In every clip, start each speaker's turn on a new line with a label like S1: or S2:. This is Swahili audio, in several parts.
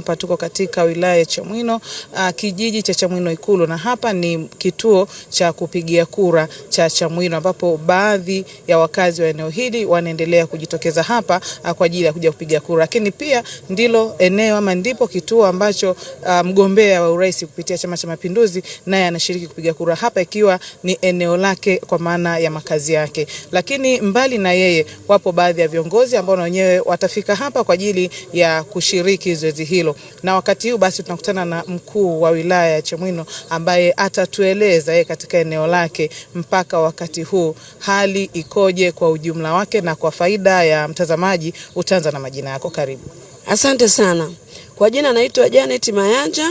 S1: Hapa tuko katika wilaya ya Chamwino, uh, kijiji cha Chamwino Ikulu, na hapa ni kituo cha kupigia kura cha Chamwino, ambapo baadhi ya wakazi wa eneo hili wanaendelea kujitokeza hapa uh, kwa ajili ya kuja kupiga kura, lakini pia ndilo eneo ama ndipo kituo ambacho uh, mgombea wa urais kupitia Chama cha Mapinduzi naye anashiriki kupiga kura hapa, ikiwa ni eneo lake kwa maana ya makazi yake. Lakini mbali na yeye, wapo baadhi ya viongozi ambao na wenyewe watafika hapa kwa ajili ya kushiriki zoezi hilo hilo, na wakati huu basi tunakutana na mkuu wa wilaya ya Chamwino ambaye atatueleza yeye katika eneo lake mpaka wakati huu hali ikoje kwa ujumla wake, na kwa faida ya mtazamaji utaanza na majina yako. Karibu.
S2: Asante sana kwa jina, naitwa Janet Mayanja,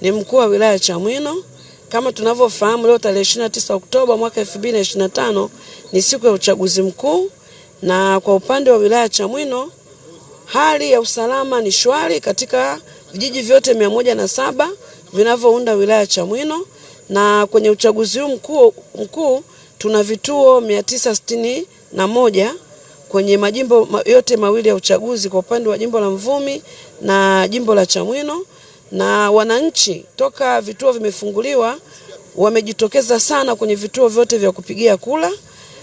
S2: ni mkuu wa wilaya ya Chamwino. Kama tunavyofahamu leo tarehe 29 Oktoba mwaka 2025 ni siku ya uchaguzi mkuu, na kwa upande wa wilaya ya Chamwino Hali ya usalama ni shwari katika vijiji vyote mia moja na saba vinavyounda wilaya Chamwino na kwenye uchaguzi huu mkuu, mkuu tuna vituo mia tisa sitini na moja kwenye majimbo yote mawili ya uchaguzi kwa upande wa jimbo la Mvumi na jimbo la Chamwino, na wananchi toka vituo vimefunguliwa wamejitokeza sana kwenye vituo vyote vya kupigia kula,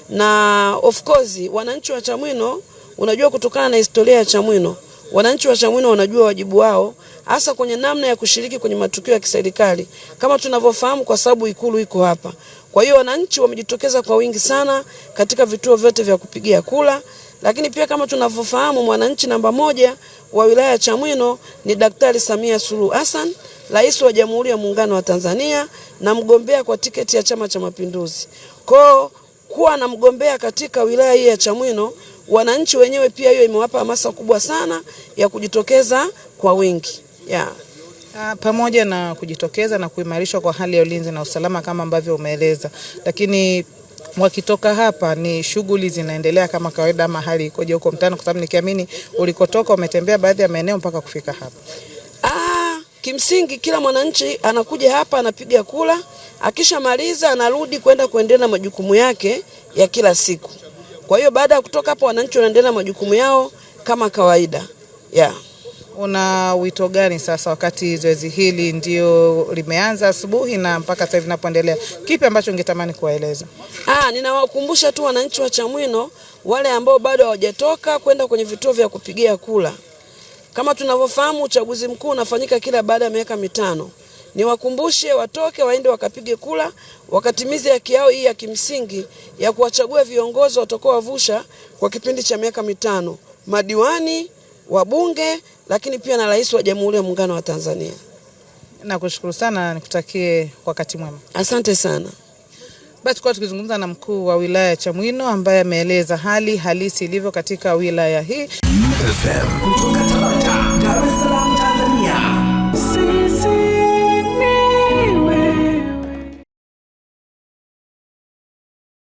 S2: na of course wananchi wa Chamwino Unajua, kutokana na historia ya Chamwino, wananchi wa Chamwino wanajua wajibu wao hasa kwenye namna ya kushiriki kwenye matukio ya kiserikali kama tunavyofahamu, kwa sababu ikulu iko hapa. Kwa hiyo wananchi wamejitokeza kwa wingi sana katika vituo vyote vya kupigia kula, lakini pia kama tunavyofahamu, mwananchi namba moja wa wilaya ya Chamwino ni Daktari Samia Suluhu Hassan, Rais wa Jamhuri ya Muungano wa Tanzania na mgombea kwa tiketi ya Chama cha Mapinduzi. Kwao kuwa na mgombea katika wilaya hii ya Chamwino wananchi wenyewe pia hiyo imewapa hamasa kubwa sana ya kujitokeza kwa wingi yeah.
S1: Ah, pamoja na kujitokeza na kuimarishwa kwa hali ya ulinzi na usalama kama ambavyo umeeleza, lakini wakitoka hapa ni shughuli zinaendelea kama kawaida ama hali ikoje huko mtaani? Kwa sababu nikiamini ulikotoka umetembea baadhi ya maeneo mpaka kufika hapa.
S2: Ah, kimsingi kila mwananchi anakuja hapa anapiga kula, akishamaliza anarudi kwenda kuendelea na majukumu yake ya kila siku. Kwa hiyo baada ya kutoka hapo, wananchi wanaendelea majukumu yao kama kawaida yeah.
S1: Una wito gani sasa, wakati zoezi hili ndio limeanza asubuhi na mpaka sasa hivi napoendelea, kipi ambacho ungetamani kuwaeleza?
S2: Ah, ninawakumbusha tu wananchi wa Chamwino wale ambao bado hawajatoka kwenda kwenye vituo vya kupigia kula. Kama tunavyofahamu, uchaguzi mkuu unafanyika kila baada ya miaka mitano. Niwakumbushe watoke waende wakapige kula, wakatimize haki yao hii ya kimsingi ya kuwachagua viongozi watakaowavusha kwa kipindi cha miaka mitano, madiwani, wabunge, lakini pia na rais wa Jamhuri ya Muungano wa Tanzania.
S1: Nakushukuru sana, nikutakie wakati mwema.
S2: Asante sana.
S1: Basi tulikuwa tukizungumza na mkuu wa wilaya ya Chamwino ambaye ameeleza hali halisi ilivyo katika wilaya hii.